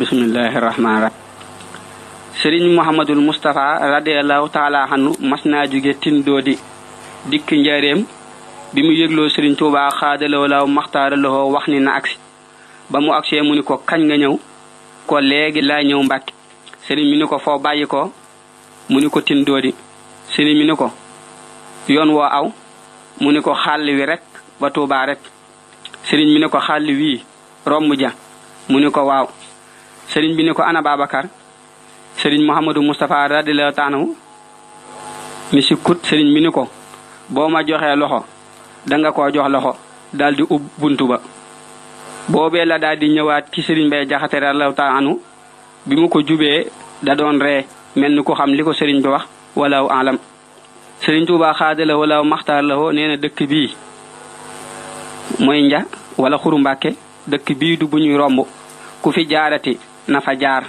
bismillahi rahmaani rahim sëriñ muhammadul mustafa radiallahu taala xanu mas na jóge tindoodi dikk njaareem bi mu yëgloo sëriñ tuubaa xaadalaw law maxtaaralowoo wax ni na agsi ba mu agsee mu ni ko kañ nga ñëw ko léegi laa ñëw mbàkke sëriñ mi ni ko foo bàyyi ko mu ni ko tindoodi sëriñ mi ni ko yoon woo aw mu ni ko xàll wi rek ba tuubaa rek sëriñ mi ni ko xàll wi romb ja mu ni ko waaw sëriñ bi ne ko ana Babacar sëriñ Mouhamadou Moustapha radiyallahu taanu mi si kut sëriñ bi ni ko boo ma joxee loxo danga ko jox loxo daal di ub buntu ba boobee la daal di ñëwaat ci sëriñ bay jaxate radiyallahu taanu bi mu ko jubee da doon ree mel ni ko xam li ko sëriñ bi wax walaw alam sëriñ Tuubaa xaadala walaw maxtaar la woo nee dëkk bii mooy nja wala xuru mbàkke dëkk bii du bu ñuy romb ku fi jaarati na fa jaar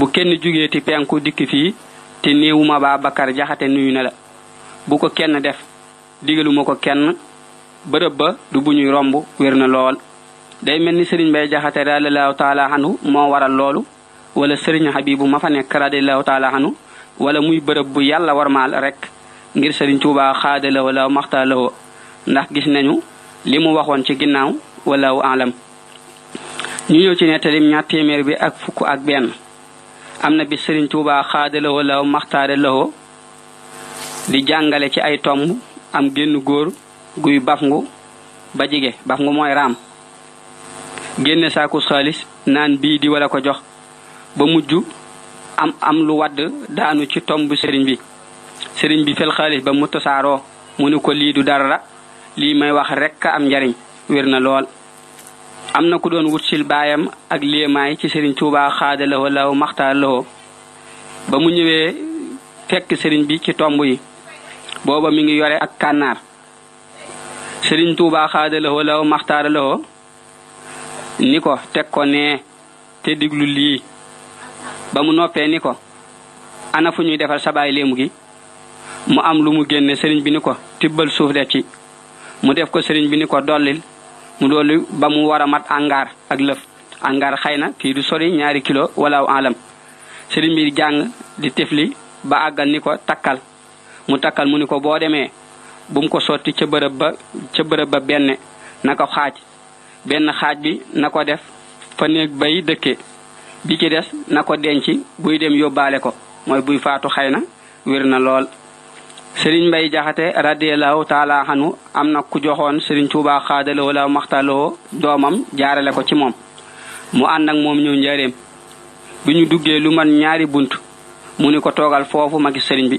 bu kenn jógee ti penku dikk fii te néewuma ba Bakar Jaxate nuyu na la bu ko kenn def digaluma ko kenn bërëb ba du bu ñuy romb wér na lool day mel ni sëriñ Bay Jaxate radiallahu taala anhu moo waral loolu wala sëriñ Habibu ma fa nekk la taala anhu wala muy bërëb bu yàlla warmaal rekk ngir sëriñ Tuubaa xaadalawo la maxtalawo ndax gis nañu li mu waxoon ci ginnaaw wala alam ñu ñëw ci nettalim ñaar téeméer bi ak fukk ak benn am na bi sëriñ tuubaa xaadalawoo law maxtaare lawoo di jàngale ci ay tomb am génn góor guy bafngu ba jige bafngu mooy raam génne saaku xaalis naan bii di wala ko jox ba mujj am am lu wadd daanu ci tomb sëriñ bi sëriñ bi fel xaalis ba mu tasaaroo mu ni ko lii du dara lii may wax rekk am njariñ wér na lool am na ku doon wut sil baayam ak léemaay ci sëriñ Tuubaa xaadalawo law maxtaarlawoo ba mu ñëwee fekk sëriñ bi ci tomb yi booba mi ngi yore ak kànnaar sëriñ Tuubaa xaadalawo law maxtaaralawoo ni ko teg ko nee te diglu lii ba mu noppee ni ko ana fu ñuy defar sabaay léemu gi mu am lu mu génne sëriñ bi ni ko tibbal suuf def ci mu def ko sëriñ bi ni ko dollil mu doolu ba mu war a mat angaar ak lëf angaar xëy na kii du sori ñaari kilo wala alam sëriñ bi jàng di tifli ba àggal ni ko takkal mu takkal mu ni ko boo demee bu mu ko sotti ca bërëb ba ca bërëb ba benn na ko xaaj benn xaaj bi na ko def fa néeg bay dëkke bi ci des na ko denc buy dem yóbbaale ko mooy buy faatu xëy na wér na lool sëriñ mbay jaxate radiallahu taala anu am na ku joxoon sëriñ tuuba xaadalo wala maxtaloo doomam jaarale ko ci moom mu ànd ak moom ñëw njëreem bi ñu duggee lu man ñaari bunt mu ni ko toogal foofu ma gis sëriñ bi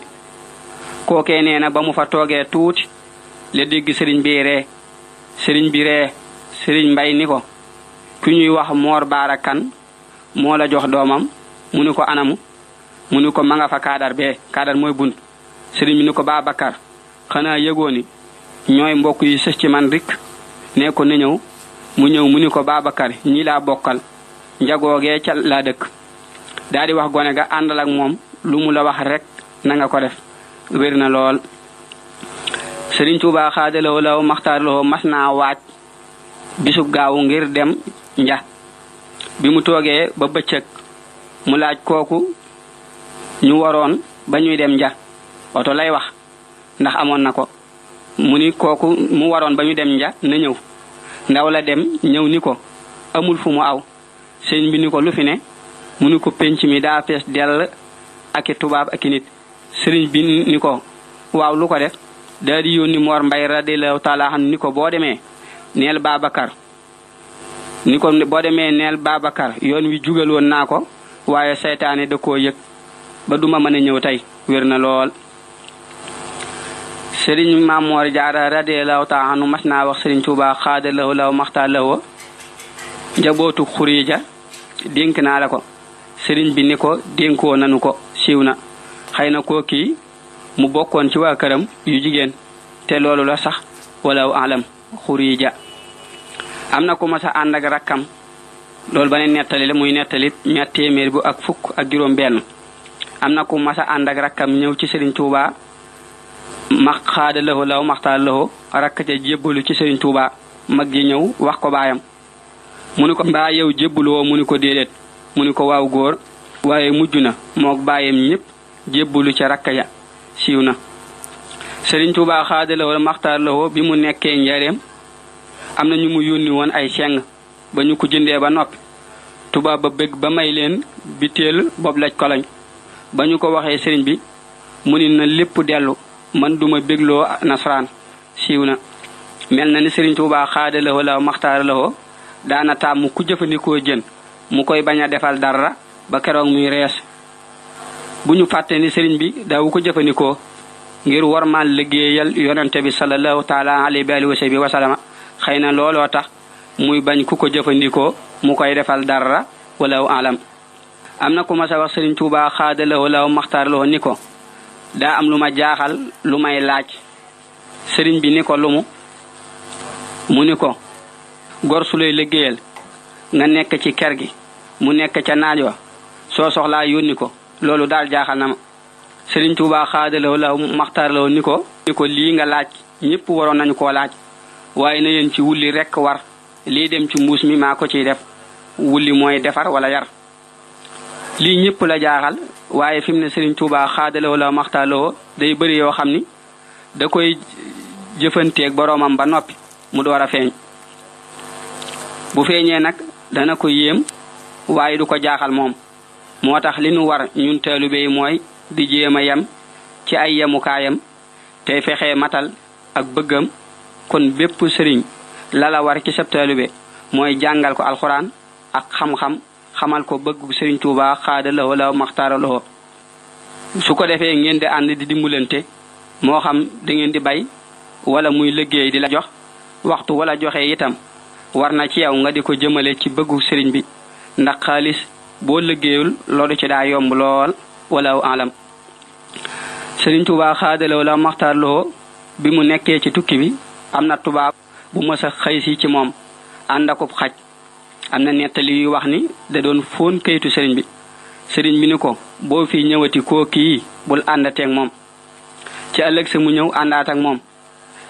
kookee nee na ba mu fa toogee tuuti la dégg sëriñ bi ree sëriñ bi ree sëriñ mbay ni ko ku ñuy wax moor baara kan moo la jox doomam mu ni ko anamu mu ni ko ma nga fa kaadar bee kaadar mooy bunt sëriñ bi ni ko Baabakar xanaa yëgoo ni ñooy mbokk yi sës ci man rek ne ko na ñëw mu ñëw mu ni ko Baabakar ñii laa bokkal njagoogee ca laa dëkk daldi wax gone ga àndal ak moom lu mu la wax rek na nga ko def wér na lool sëriñ Tuubaa xaadaloo law maxtaarloo mas naa waaj bisub gaawu ngir dem nja bi mu toogee ba bëccëg mu laaj kooku ñu waroon ba ñuy dem nja oto lay wax ndax amoon na ko mu ni kooku mu waroon ba ñu dem nja na ñëw ndaw la dem ñëw ni ko amul fu mu aw sëñ bi ni ko lu fi ne mu ni ko penc mi daa fees dell aki tubaab aki nit sëriñ bi ni ko waaw lu ko def daa di yónni moor mbay radiallahu taala an ni ko boo demee neel babacar ni ko boo demee neel babacar yoon wi jugal woon naa ko waaye seytaane da koo yëg ba duma mën a ñëw tey wér na lool sëriñ Maamoor Jaara radiyallahu taala anu mas naa wax sëriñ Tuubaa xaada lahu law maxtaa lahu njabootu xurija dénk naa la ko sëriñ bi ni ko dénkoo nanu ko siiw na xëy na koo kii mu bokkoon ci waa këram yu jigéen te loolu la sax walaw alam xurija am na ku mas a ànd ak rakkam loolu ba ne nettali la muy nettali ñaar téeméer bu ak fukk ak juróom benn am na ku mas a ànd ak rakkam ñëw ci sëriñ Tuubaa maxaada lawo law maxtaar lawo rakk jébbalu ci sëriñ Tuuba mag ji ñëw wax ko baayam mu ni ko mbaa yow jébbaloo mu ni ko déedéet mu ni ko waaw góor waaye mujj na moog baayam ñépp jébbalu ca rakk ya siiw na sëriñ Tuuba xaada lawo maxtaar lawo bi mu nekkee njareem am na ñu mu yónni woon ay seng ba ñu ko jëndee ba noppi tubaab ba bëgg ba may leen biteel bob laj koloñ ba ñu ko waxee sëriñ bi mu ni na lépp dellu man duma bégloo nasaraan siiw na mel na ni Sëriñ Tuubaa xaada lawo la maxtaara lawo daana tàmm jëfandikoo jën mu koy bañ a defal dara ba keroog muy rees bu ñu fàtte ni sëriñ bi daawu ko jëfandikoo ngir warmaal liggéeyal yonente bi sallallahu taala alayhi xëy na looloo tax muy bañ ku ko jëfandikoo mu koy defal dara walaw alam am na ku mas a wax Sëriñ Tuubaa xaada ni ko daa am lu ma jaaxal lu may laaj sëriñ bi ni ko lumu mu ni ko gor su liggéeyal nga nekk ci ker gi mu nekk ca naaj wa soo soxlaa yónni ko loolu daal jaaxal na sëriñ Tuubaa xaadalaw la maxtaar law ni ko ni ko lii nga laaj ñépp waroon nañu koo laaj waaye na yéen ci wulli rekk war lii dem ci mbuus mi maa ko ciy def wulli mooy defar wala yar lii ñépp la jaaxal waaye fi mu ne Serigne Touba xaadalewoo la maxtaaloo day bëri yoo xam ni da koy jëfanteeg boroomam ba noppi mu door a feeñ bu feeñee nag dana ko yéem waaye du ko jaaxal moom moo tax li nu war ñun taalibe yi mooy di jéem a yem ci ay yemukaayam tey fexe matal ak bëggam kon bépp sëriñ lala war ci sab taalibe mooy jàngal ko alxuraan ak xam-xam xamal ko bëgg Serigne Touba xaada lawo law maxtaara su ko defee ngeen di ànd di dimbalante moo xam da ngeen di bay wala muy liggéey di la jox waxtu wala joxe itam war na ci yow nga di ko jëmale ci bëggu sëriñ bi ndax xaalis boo liggéeyul loolu ci daa yomb lool wala alam Sëriñ Tuubaa xaadalaw la maxtaar loo bi mu nekkee ci tukki bi am na tubaab bu mës a xëy si ci moom ànd akub xaj am na nettali yuy wax ni da doon fóon kayitu sëriñ bi sëriñ bi ni ko boo fi ñëwati koo kii bul àndateeg moom ci ëllëg sa mu ñëw àndaat moom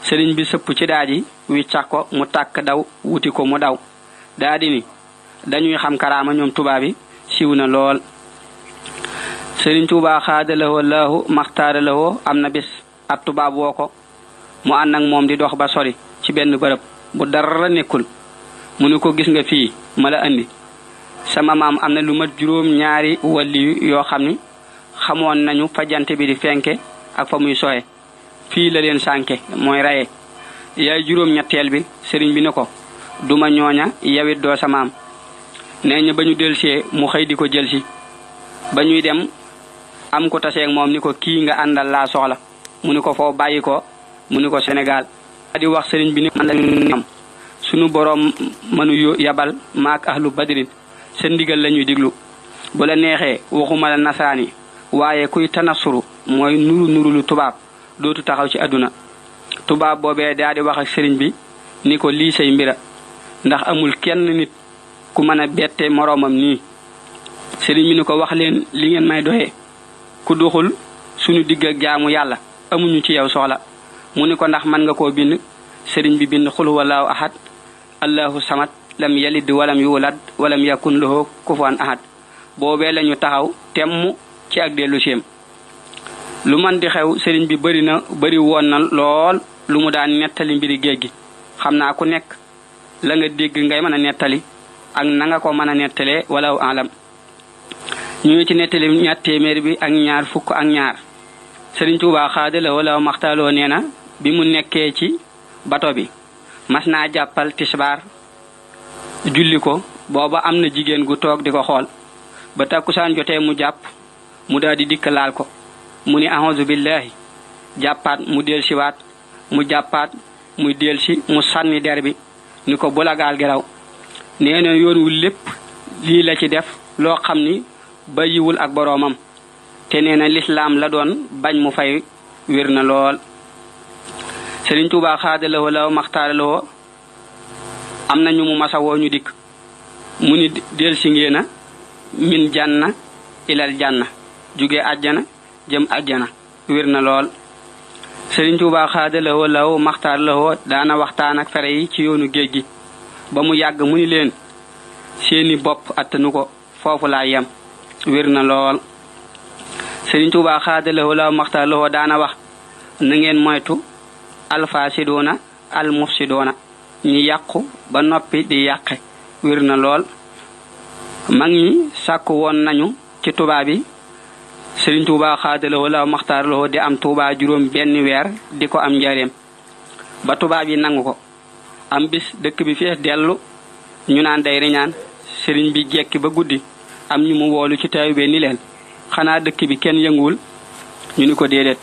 sëriñ bi sëpp ci daaji ji wiccax ko mu tàkk daw wuti ko mu daw daa di dañuy xam karaama ñoom tubaab yi siw na lool sëriñ tuubaa xaadalawoo laahu maxtaaralawoo am na bis ab tubaab woo ko mu àndak moom di dox ba sori ci benn bërëb bu dara nekkul mu ne ko gis nga fii mala indi sama maam am na lu mat juróom ñaari wàlli yoo xam ni xamoon nañu fa bi di fenke ak fa muy soxe fii la leen sànke mooy raye yaay juróom ñetteel bi sëriñ bi ne ko duma ñooña yawit doo sa maam nee ñu ba ñu delsee mu xëy di ko jëlsi ba ñuy dem am ko taseeg moom ni ko kii nga àndal laa soxla mu ni ko foo bàyyi ko mu ni ko senegal di wax sëriñ bi ni man la am sunu boroom mënu yabal maak ahlu badrin sa ndigal la ñuy diglu bu la neexee waxuma la nasaraan yi waaye kuy tanasuru mooy nuru nuru lu tubaab dootu taxaw ci àdduna tubaab boobee daal di wax ak sëriñ bi ni ko lii say mbira ndax amul kenn nit ku mën a bette moroomam nii sëriñ bi ni ko wax leen li ngeen may doye ku doxul suñu digg ak jaamu yàlla amuñu ci yow soxla mu ni ko ndax mën nga koo bind sëriñ bi bind xul walaaw ahad allahu samad lam yalid walam yuulad walam yakun lahu kufuwan ahad boobee lañu taxaw temm ci ak dellu séem lu man di xew sëriñ bi bari na bari woon na lool lu mu daan nettali mbiri géej gi xam naa ku nekk la nga dégg ngay mën a nettali ak na nga ko mën a nettalee wala alam ñu ci nettali ñaar téeméer bi ak ñaar fukk ak ñaar sëriñ Tuubaa xaadala wala maxtaaloo nee na bi mu nekkee ci bato bi mas naa jàppal tisbaar julli ko booba am na jigéen gu toog di ko xool ba takkusaan jotee mu jàpp mu daldi dikk laal ko mu ni ahuzu billahi jàppaat mu del siwaat mu jàppaat mu del mu sànni der bi ni ko bulagaal gi raw nee na yoon wu lépp lii la ci def loo xam ni bàyyiwul ak boroomam te nee na lislaam la doon bañ mu fay wér na lool Sëriñ Tuubaa xaadalawoo law maxtaaralawoo am na ñu mu masa ñu dikk mu ni del si ngeen a min janna ilal janna jóge àjjana jëm àjjana wér na lool Sëriñ Tuubaa xaadalawoo law maxtaaralawoo daana waxtaan ak fere yi ci yoonu géej gi ba mu yàgg mu ni leen seeni bopp attanu ko foofu laa yem wér na lool Sëriñ Tuubaa xaadalawoo law maxtaaralawoo daana wax na moytu alfaasiduuna almufsiduuna ñi yàqu ba noppi di yàqe wér na lool mag ñi sàkku woon nañu ci tubaab yi sëriñ tuubaa xaadalawoo la maxtaaralawoo di am tuubaa juróom benn weer di ko am njareem ba tubaab yi nangu ko am bis dëkk bi fees dellu ñu naan day riñaan sëriñ bi jekki ba guddi am ñu mu woolu ci taawube ni leen xanaa dëkk bi kenn yënguwul ñu ni ko déedéet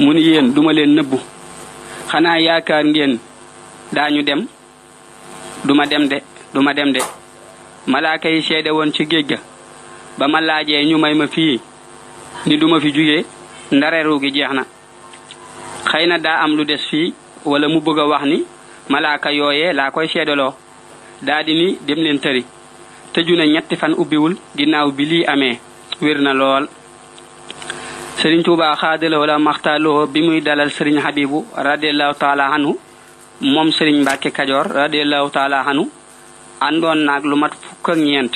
mu ni yéen duma leen nëbbu xanaa yaakaar ngeen daañu dem duma dem de duma dem de malaaka yi seede woon ci géej ga ba ma laajee ñu may ma fii ni duma fi jugee ndareeru gi jeex na xëy na daa am lu des fii wala mu bëgg a wax ni malaaka yooye laa koy seedaloo daa di ni dem leen tëri tëju na ñetti fan ubbiwul ginnaaw bi lii amee wér na lool sëriñ Tuubaa xaadalawoo la maxtaaloo bi muy dalal sëriñ Habibu radiallahu taala anhu moom sëriñ Mbàkke Kajoor radiallahu taala anhu àndoon naag lu mat fukk ñeent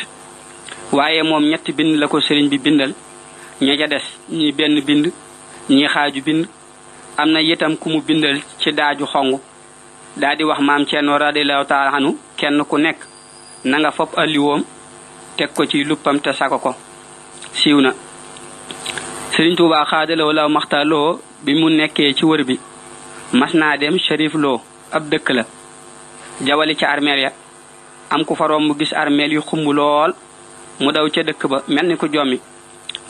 waaye moom ñetti bind la ko sëriñ bi bindal ña ca des ñi benn bind ñi xaaju bind am na itam ku mu bindal ci daaju xong daa wax maam Ceerno radiallahu taala anhu kenn ku nekk na nga fopp alliwoom teg ko ci luppam te sako ko siiw na Sëriñ Tuubaa xaadalawoo la maxtaar loo bi mu nekkee ci wër bi mas naa dem Cherif Lo ab dëkk la jawali ca armeel ya am ku faroom mu gis armeel yu xumb lool mu daw ca dëkk ba mel ni ku jommi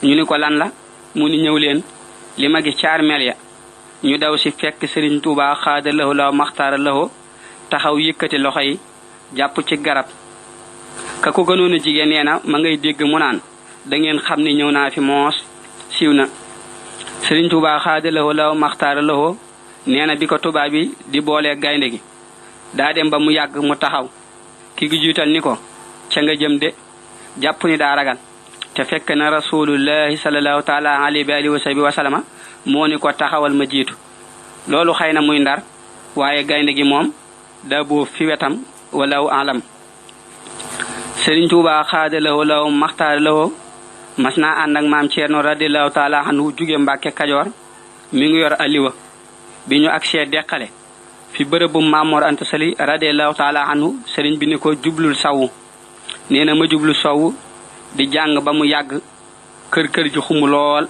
ñu ni ko lan la mu ni ñëw leen li ma gis ca armeel ya ñu daw ci fekk Sëriñ Tuubaa xaadalawoo la maxtaara lawoo taxaw yëkkati loxo yi jàpp ci garab ka ko gënoon jigéen nee na ma ngay dégg mu naan da xam ni ñëw naa fi moos siiw na sëriñ Tuubaa xaadalawoo law maxtaara lawoo nee na bi ko tubaab bi di boole gaynde gi daa dem ba mu yàgg mu taxaw ki gi jiital ni ko ca nga jëm de jàpp ni daa ragal te fekk na rasulullahi salallahu taala alayhi bi alihi moo ni ko taxawal ma jiitu loolu xëy na muy ndar waaye gaynde gi moom daa boo fi wetam walaw alam sëriñ Tuubaa xaadalawoo law maxtaara lawoo mas naa ànd ak maam Ceerno radiallahu taala jóge Mbàkke Kajoor mi ngi yor aliwa bi ñu ak see deqale fi bërëbu Maamoor Anta Sali radiallahu taala sëriñ bi ni ko jublul sawu nee ma jublu sowu di jàng ba mu yàgg kër-kër ji xumu lool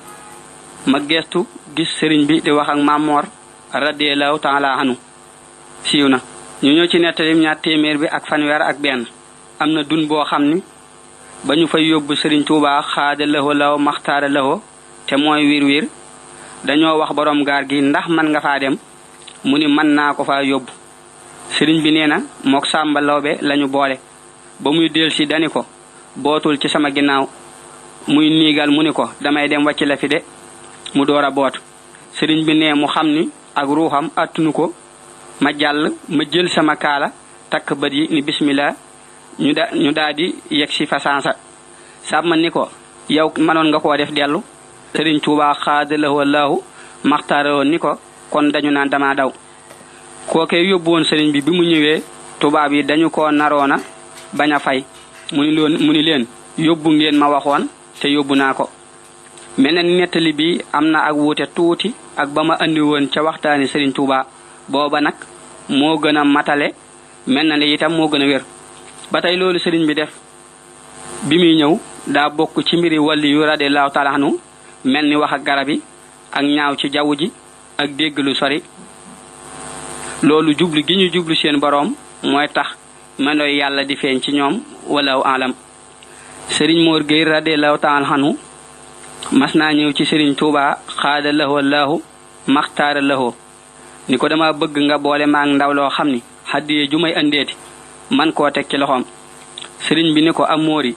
ma geestu gis sëriñ bi di wax ak Maamoor radiallahu taala anhu siiw na ñu ñëw ci nettalim ñaar téeméer bi ak fanweer ak benn am na dun boo xam ni ba ñu fay yóbbu sëriñ tuubaa xaada lawo law maxtaara lawo te mooy wir wir dañoo wax borom gaar gi ndax man nga faa dem mu ni mën naa ko fa yóbbu sëriñ bi nee na mook sàmba lawbe lañu boole ba muy del si dani ko bootul ci sama ginnaaw muy niigal mu ni ko damay dem wàcc la fi de mu door a boot sëriñ bi nee mu xam ni ak ruuxam attunu ko ma jàll ma jël sama kaala takk bët yi ni bismillah ñu da ñu daal di yegg si fasansa sàmm ni ko yow mënoon nga ko def dellu sëriñ Tuubaa xaadalahu wallaahu maxtaaroon ni ko kon dañu naan dama daw kookee yóbbu sëriñ bi bi mu ñëwee tubaab yi dañu ko naroon a bañ a fay mu ni loon mu ni leen yóbbu ngeen ma waxoon te yóbbu naa ko mel na nettali bi am na ak wuute tuuti ak ba ma andi woon ca waxtaani sëriñ Tuubaa booba nag moo gën a matale mel na ne itam moo gën a wér ba tey loolu sëriñ bi def bi muy ñëw daa bokk ci mbiri wàlli yu radiallahu taala anhu mel ni wax ak garab yi ak ñaaw ci jaww ji ak dégg lu sori loolu jublu gi ñu jublu seen boroom mooy tax menoy yàlla di feeñ ci ñoom walaw alam sëriñ moor Gueye radiallahu taala anhu mas naa ñëw ci sëriñ Tuuba xaada lahoo laahu maxtaara lahoo ni ko dama bëgg nga boole maa ndaw loo xam ni xaddiye ju may andeeti man ko tek ci loxom serigne bi ne ko amoori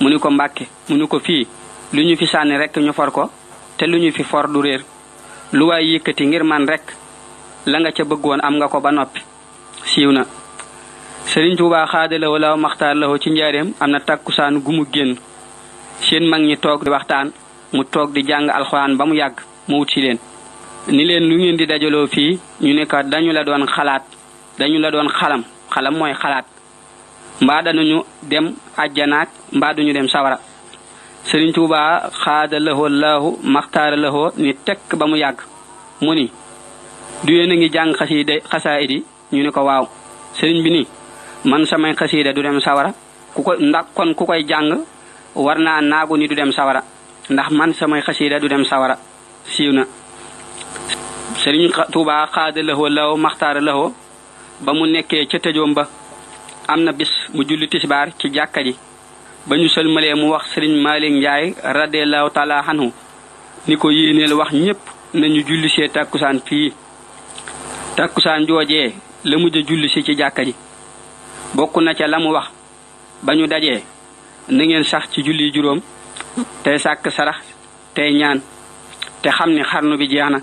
mu ni ko mbacke mu ko fi luñu fi sànni rek ñu for ko te luñu fi for du réer lu way yëkëti ngir man rek la nga ca bëggoon am nga ko ba noppi siiw na sëriñ tuuba xaadalawo law maxtaar ci njaareem am na gu mu seen mag ñi toog di waxtaan mu toog di jàng alxuraan ba mu yàgg mu wut ci leen ni leen lu ngeen di dajaloo fii ñu ne ka dañu la doon xalaat dañu la doon xalam xalam mooy xalaat mbaa dañuñu dem àjjanaak mbaa ñu dem sawara Sëriñ Tuubaa xaada lahoo laahu maxtaara lahoo ni tekk ba mu yàgg mu ni du yéen a ngi jàng xasiida xasaayidi ñu ni ko waaw sëriñ bi ni man samay xasiida du dem sawara ku kon ku koy jàng war naa naagu ni du dem sawara ndax man samay xasiida du dem sawara siiw na Sëriñ Tuubaa xaada lahoo laahu maxtaara lahoo ba mu nekkee ca tëjoom ba am na bis mu julli tisbaar ci jàkka ji ba ñu sëlmalee mu wax sëriñ Malick Ndiaye radiallahu taala ni ko yéeneel wax ñépp nañu julli see tàkkusaan fii tàkkusaan joojee la mujj a julli si ci jàkka ji bokk na ca la mu wax ba ñu dajee na sax ci julli juróom tey sàkk sarax tey ñaan te xam ni xarnu bi jeex na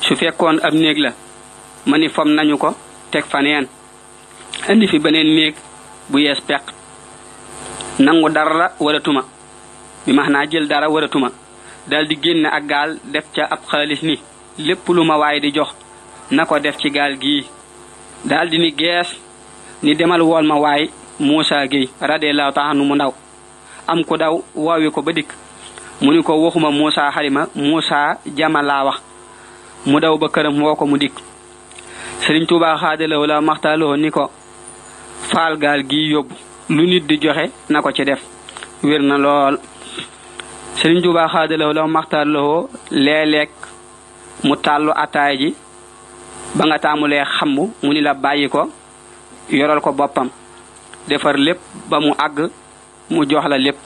su fekkoon ab néeg la ma ni fom nañu ko teg faneen indi fi beneen néeg bu yees peq nangu dara waratuma bi max naa jël dara waratuma daldi di génne ak gaal def ca ab xaalis ni lépp lu ma waay di jox na ko def ci gaal gii daldi ni gees ni demal wool ma waay Muusa Géy radiyallahu taala nu mu ndaw am ku daw woowi ko ba dikk mu ni ko waxuma Muusa xarima Muusa jama wax mu daw ba këram woo ko mu dikk sëriñ Tuubaa xaadalawu la maxtaaloo ni ko faal gaal gi yóbbu lu nit di joxe na ko ci def wér na lool sëriñ Tuubaa xaadalawu la maxtaaloo léeg-léeg mu tàllu ataay ji ba nga taamulee xamm mu ni la bàyyi ko yoral ko boppam defar lépp ba mu àgg mu jox la lépp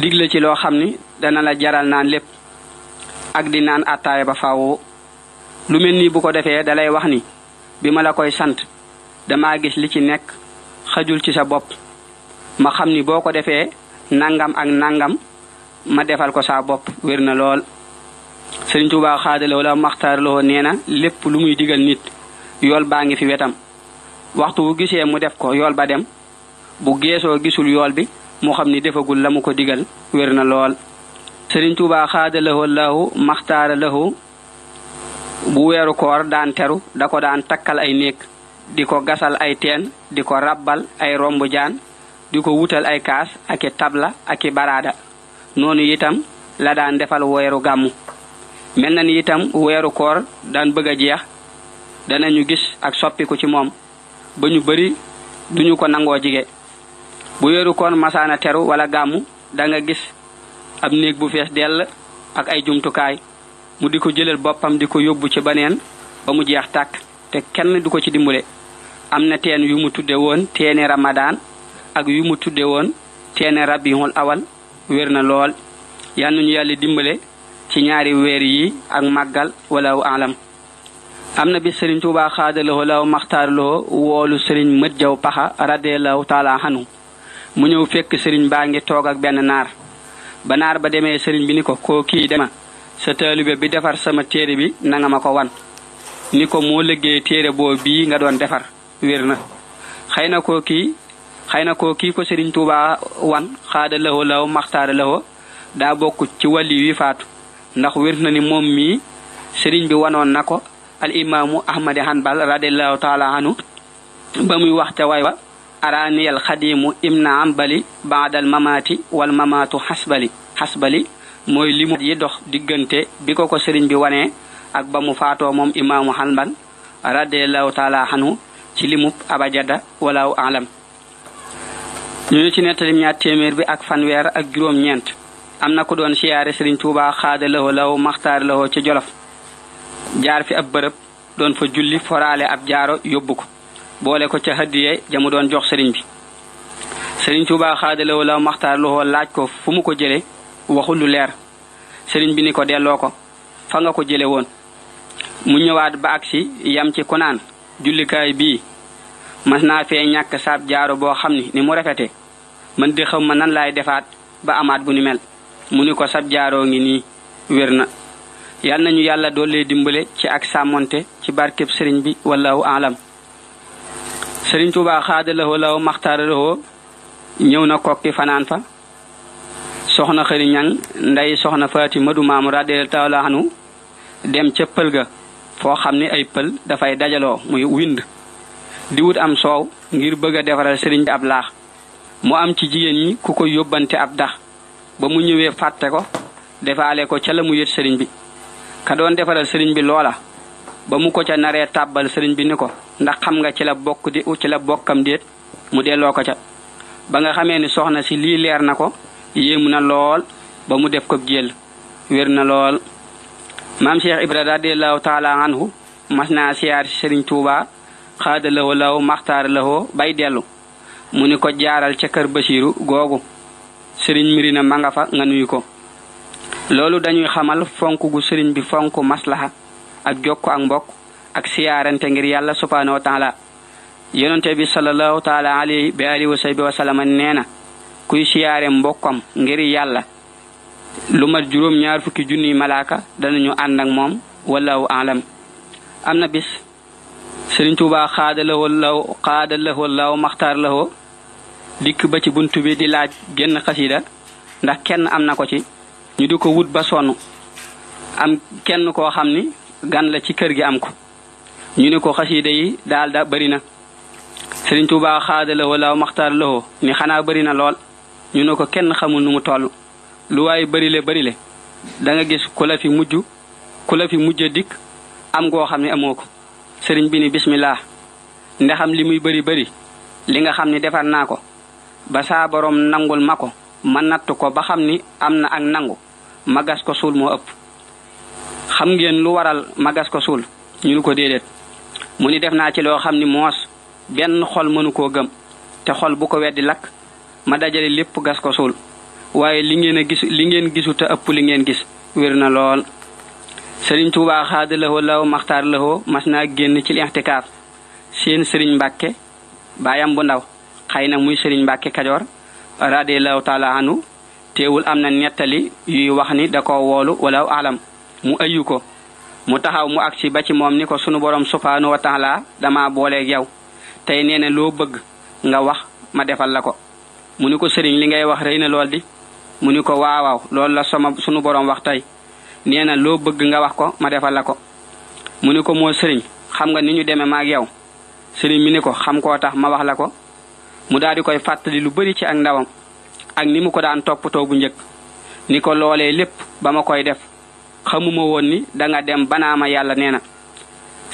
digle ci loo xam ni dana la jaral naan lépp ak di naan ataay ba faaw lu mel nii bu ko defee dalay wax ni bi ma la koy sant dama gis li ci nekk xajul ci sa bopp ma xam ni boo ko defee nangam ak nangam ma defal ko saa bopp wér na lool Sëriñ Tuubaa xaadaloo la maxtaar loo nee na lépp lu muy digal nit yool baa ngi fi wetam waxtu wu gisee mu def ko yool ba dem bu geesoo gisul yool bi mu xam ni defagul la mu ko digal wér na lool bu weeru koor daan teru da ko daan takkal ay néeg di ko gasal ay teen di ko rabbal ay romb jaan di ko wutal ay kaas aki tabla aki baraada noonu itam la daan defal weeru gàmmu mel na ni itam weeru koor daan bëgg a jeex danañu gis ak soppiku ci moom ba ñu bari duñu ko nangoo jige bu weeru koor masaana teru wala gàmmu danga gis ab néeg bu fees dell ak ay jumtukaay mu di ko jëlal boppam di ko yóbbu ci baneen ba mu jeex tàkk te kenn du ko ci dimbale am na teen yu mu tudde woon teeni ramadaan ak yu mu tudde woon teeni rabiul awal wér na lool yal nañu yàlla dimbale ci ñaari weer yi ak màggal wala alam am na bi sëriñ Tuubaa xaadaloo law maxtaarloo woolu sëriñ mët jaw paxa radiallahu taala xanu mu ñëw fekk sëriñ baa ngi toog ak benn naar ba naar ba demee sëriñ bi ni ko koo kii dema sa taalibe bi defar sama téere bi nanga ma ko wan ni ko moo liggéey téere bo bii nga doon defar wér na xëy na koo kii xëy na koo kii ko Sëriñ Tuubaa wan xaada lawo law maxtaara lawo daa bokk ci wàlli wi faatu ndax wér na ni moom mii sëriñ bi wanoon na ko al imaamu ahmadi hanbal radiallahu taala ba muy waxte way wa araaniyal xadiimu ibna ambali baadal mamaati wal mamaatu xasbali xasbali mooy limu yi dox diggante bi ko ko sëriñ bi wanee ak ba mu faatoo moom imaamu xalman radiallahu taala xanu ci limu abajada walaaw alam ñu ci nettalim ñaar téeméer bi ak fanweer ak juróom-ñeent am na ko doon siyaare sëriñ tuubaa xaada lawo law maxtaar ci jolof jaar fi ab bërëb doon fa julli jaaro yóbbu ko ca hëddiyee ja doon jox sëriñ bi sëriñ tuubaa xaada lawo law laaj ko fu mu ko jële waxul lu leer sëriñ bi ni ko delloo ko fa nga ko jële woon mu ñëwaat ba agsi yam ci kunaan jullikaay bii mas naa fee ñàkk saab jaaro boo xam ni ni mu rafete man di xam ma nan laay defaat ba amaat bu ni mel mu ni ko sab jaaroo ngi nii wér na yal nañu yàlla doole dimbale ci ak sàmmonte ci barkeb sëriñ bi wallahu alam sëriñ Tuubaa xaadalawoo law maxtaaralawoo ñëw na kokki fanaan fa soxna xëri ñang nday soxna faati madu maamu radiyallahu taala anhu dem ca pël ga foo xam ne ay pël dafay dajaloo muy wind di wut am soow ngir bëgg a defaral sëriñ bi ab laax mu am ci jigéen ñi ku ko yóbbante ab dax ba mu ñëwee fàtte ko defaale ko ca la mu yët sëriñ bi ka doon defaral sëriñ bi loola ba mu ko ca naree tàbbal sëriñ bi ni ko ndax xam nga ci la bokk ci la bokkam déet mu delloo ko ca ba nga xamee ni soxna si lii leer na ko yéemu na lool ba mu def ko jël wér na lool maam cheikh ibra radiallahu taala anhu mas naa siyaar si sëriñ tuuba xaada lawo law maxtaar lawo bay dellu mu ni ko jaaral ca kër basiiru googu sëriñ mbiri na ma nga fa nga nuyu ko loolu dañuy xamal fonk gu sëriñ bi fonk maslaha ak jokk ak mbokk ak siyaarante ngir yàlla subhaanahu wa taala bi sallallahu taala alayhi bi alihi wa nee na kuy siyaare mbokkam ngir yàlla lu mat juróom ñaar fukki junniy malaaka danañu ànd ak moom wallahu alam am na bis Sëriñ Tuubaa xaada lahoo law xaada lahoo law maxtaar lahoo dikk ba ci bunt bi di laaj genn xasida ndax kenn am na ko ci ñu di ko wut ba sonn am kenn koo xam ni gan la ci kër gi am ko ñu ne ko xasida yi daal da bari na Sëriñ Tuubaa xaada lahoo law maxtaar lahoo ni xanaa bari na lool ñu ne ko kenn xamul nu mu toll lu waaye bërile bërile da danga gis ku la fi mujj ku la fi mujj a dikk am goo xam ne amoo ko sëriñ bi ni bismillah ndaxam li muy bëri bëri li nga xam ni defar naa ko ba saa nangul ma ko ma natt ko ba xam ni am na ak nangu ma gas ko suul moo ëpp xam ngeen lu waral ma gas ko suul ñu ni ko déedéet mu ni def naa ci loo xam ni moos benn xol mënu koo gëm te xol bu ko weddi lakk ma dajale lépp gas ko suul waaye li ngeen a gis li ngeen gisu te ëpp li ngeen gis wér na lool sëriñ Tuubaa xaada laxoo law maxtaar laxoo mas naa génn ci lixtikaaf seen sëriñ mbàkke baayam bu ndaw xëy na muy sëriñ mbàkke kajoor radiallahu taala anu teewul am na nettali yuy wax ni da ko woolu wala alam mu ayu ko mu taxaw mu agsi ba ci moom ni ko sunu borom subhaanahu wa dama booleeg yow tey nee na loo bëgg nga wax ma defal la ko mu ni ko sëriñ li ngay wax rey na lool di mu ni ko waawaaw loolu la sama sunu borom wax tey nee na loo bëgg nga wax ko ma defal la ko mu ni ko moo sëriñ xam nga ni ñu demee maag yow sëriñ mi ni ko xam koo tax ma wax la ko mu daal koy fàttali lu bari ci ak ndawam ak ni mu ko daan toppatoo bu njëkk ni ko loolee lépp ba ma koy def xamuma woon ni danga dem banaama yàlla nee na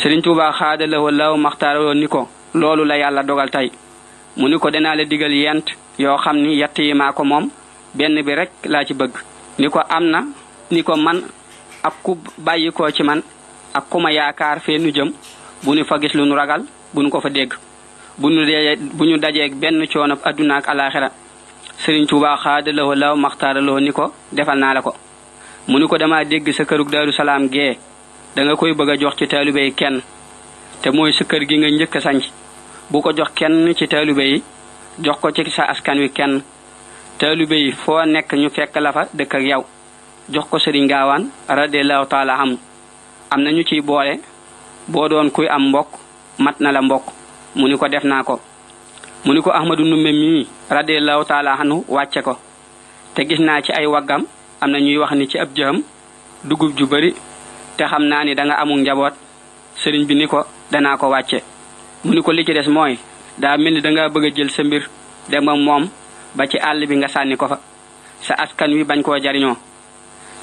sëriñ Tuubaa xaadalawoo law maxtaaraloon ni ko loolu la yàlla dogal tey mu ni yoo xam ni yett yi maa ko moom benn bi rek laa ci bëgg ni ko am na ni ko man ak ku bàyyi ko ci man ak ku yaakaar fee nu jëm bu nu fa gis lu nu ragal bu nu ko fa dégg bu nu dee bu ñu dajeeg benn coono adduna ak alaxira sëriñ Tuubaa xaadalawoo law ni ko defal naa la ko mu nu ko dama dégg sa kërug Daaru Salaam gee danga koy bëgg a jox ci taalibe yi kenn te mooy sa kër gi nga njëkk a sanc bu ko jox kenn ci taalibe yi jox ko ci sa askan wi kenn taalibe yi foo nekk ñu fekk la fa dëkk ak yow jox ko sëriñ gaawaan radiallahu taala am am na ñu ciy boole boo doon kuy am mbokk mat na la mbokk mu ni ko def naa ko mu ni ko ahmadu numbe mii radiallahu taala anhu wàcce ko te gis naa ci ay waggam am na ñuy wax ni ci ab jëxam dugub ju bari te xam naa ni danga amul njaboot sëriñ bi ni ko danaa ko wàcce mu ni ko li ci des mooy daa mel ni danga bëgg a jël sa mbir dem moom ba ci àll bi nga sànni ko fa sa askan wi bañ koo jariñoo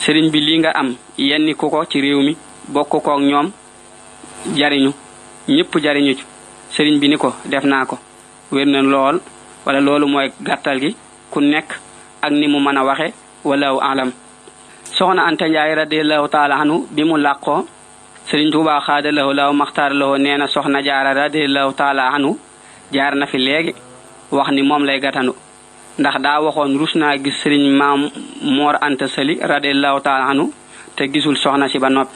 sëriñ bi lii nga am yenniku ku ko ci réew mi bokk koog ñoom jariñu ñépp jariñu sëriñ bi ni ko def naa ko wér na lool wala loolu mooy gàttal gi ku nekk ak ni mu mën a waxe walaahu alam soxna Anta Njaay radiallahu taala anu bi mu làqoo sëriñ Tuubaa xaada lahu law maxtaar nee na soxna jaara radiallahu taala anhu jaar na fi léegi wax ni moom lay gatanu ndax daa waxoon rus naa gis sëriñ maam moor anta sali radiallahu taala anu te gisul soxna si ba noppi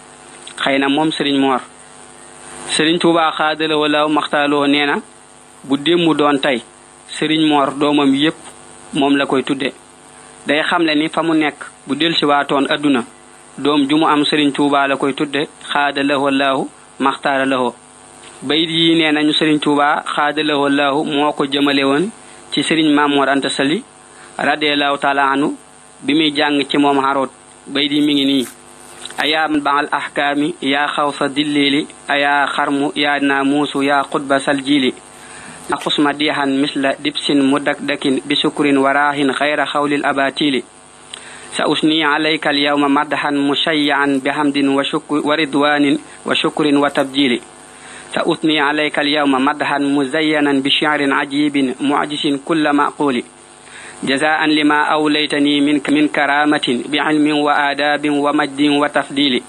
xëy na moom sëriñ moor sëriñ tuubaa xaadala wala maxtaaloo nee na bu démmu doon tey sëriñ moor doomam yépp moom la koy tudde day xam xamle ni fa mu nekk bu dellusiwaatoon adduna doom ju mu am sëriñ tuubaa la koy tudde xaadalawalaahu maxtaaralawoo bayit yi nee nañu sëriñ tuuba xaadalahoo laahu moo ko jëmale woon ci sëriñ maamoor anta sali radiallahu taala anu bi muy jàng ci moom haroot bayit yi mi ngi nii أيا منبع الأحكام يا خوص الدليل أيا خرم يا ناموس يا قطب سلجيل أقص مديحا مثل دبس مدكدك بسكر وراه غير خول الأباتيل سأثني عليك اليوم مدحا مشيعا بحمد وشك ورضوان وشكر وتبجيل سأثني عليك اليوم مدحا مزينا بشعر عجيب معجس كل معقول جزاء لما أوليتني منك من كرامة بعلم وآداب ومجد وتفضيل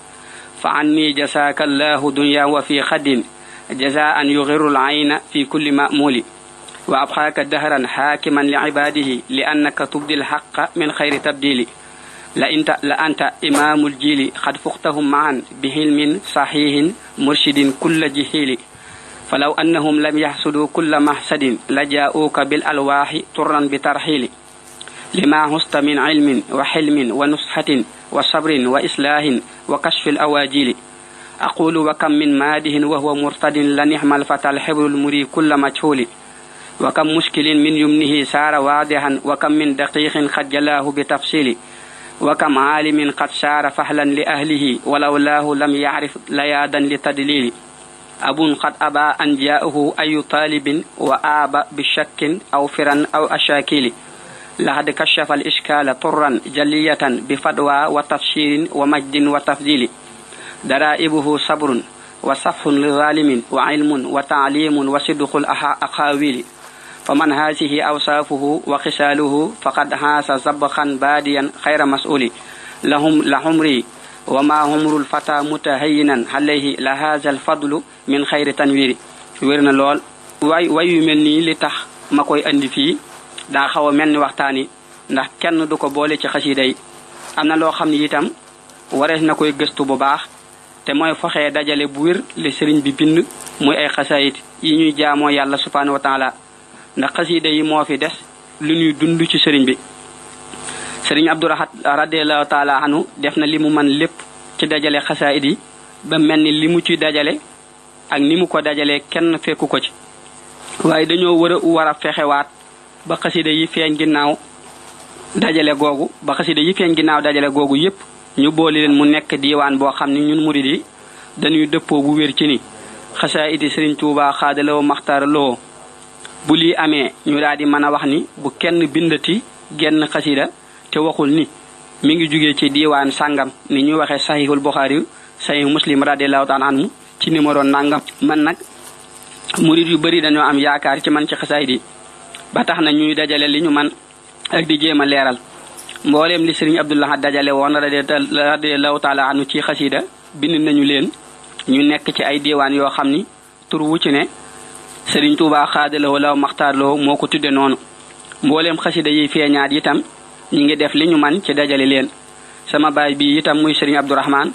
فعني جساك الله دنيا وفي خد جزاء يغر العين في كل مأمول وأبقاك دهرا حاكما لعباده لأنك تبدي الحق من خير تبديل لأنت, لأنت إمام الجيل قد فقتهم معا بهلم صحيح مرشد كل جهيل فلو أنهم لم يحسدوا كل محسد لجاءوك بالألواح طرا بترحيل لما هست من علم وحلم ونصحة وصبر وإصلاح وكشف الأواجيل أقول وكم من ماده وهو مرتد لنعم الفتى الحبر المري كل مجهول وكم مشكل من يمنه سار واضحا وكم من دقيق قد جلاه بتفصيل وكم عالم قد شار فهلا لأهله ولولاه لم يعرف ليادا لتدليل أب قد أبى أن جاءه أي طالب وآب بشك أو فرا أو أشاكيل لقد كشف الإشكال طرا جلية بفدوى وتفسير ومجد وتفضيل درائبه صبر وصف لظالم وعلم وتعليم وصدق الأخاويل ومن هذه أوصافه وخساله فقد هاس زبخا باديا خير مسؤول لهم لعمري وما عمر الفتى متهينا عليه لهذا الفضل من خير تنوير wérna lool way way yu mel nii li tax ma koy andi fii daa xaw a mel ni waxtaani ndax kenn du ko boole ci xasida yi am na loo xam ni itam warees na koy gëstu bu baax te mooy foxee dajale bu wér li sëriñ bi bind muy ay xasayit yi ñuy jaamoo yàlla subhanahu wa taala ndax xasiida yi moo fi des li ñuy dund ci sëriñ bi sëriñ abdourahat radiallahu taala anhu def na li mu man lépp ci dajale xasaayid yi ba mel ni li mu ci dajale ak ni mu ko dajalee kenn fekku ko ci waaye dañoo war a fexewaat ba xasida yi feeñ ginnaaw dajale googu ba xasida yi feeñ ginnaaw dajale googu yépp ñu boole leen mu nekk diiwaan boo xam ne ñun murid yi dañuy dëppoo bu wér ci ni xasaayid yi sëriñ tuubaa xaadaloo maxtaaraloo bu lii amee ñu daal di mën a wax ni bu kenn bindati genn xasida te waxul ni mi ngi jugee ci diiwaan sàngam ni ñu waxee sahihul buxaari sahih muslim radiallahu taala anhu ci numéro nangam man nag murid yu bëri dañoo am yaakaar ci man ci xasaay di ba tax na ñuy dajale li ñu man ak di jéem a leeral mbooleem li sëriñ abdullah dajale woon radiallahu taala anhu ci xasida bind nañu leen ñu nekk ci ay diiwaan yoo xam ni tur wu ci ne sëriñ Tuubaa xaadalawoo law maxtaarloo moo ko tudde noonu mbooleem xasida yi feeñaat itam ñi ngi def li ñu man ci dajale leen sama baay bi itam muy sëriñ Abdourahman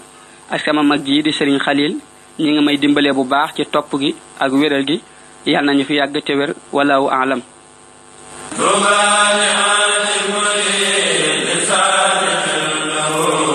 ak sama mag ji di sëriñ Xalil ñi ngi may dimbale bu baax ci topp gi ak wéral gi yàlla nañu fi yàgg te walla walaawu alam Tuubaa li aalimin saadiqin lahu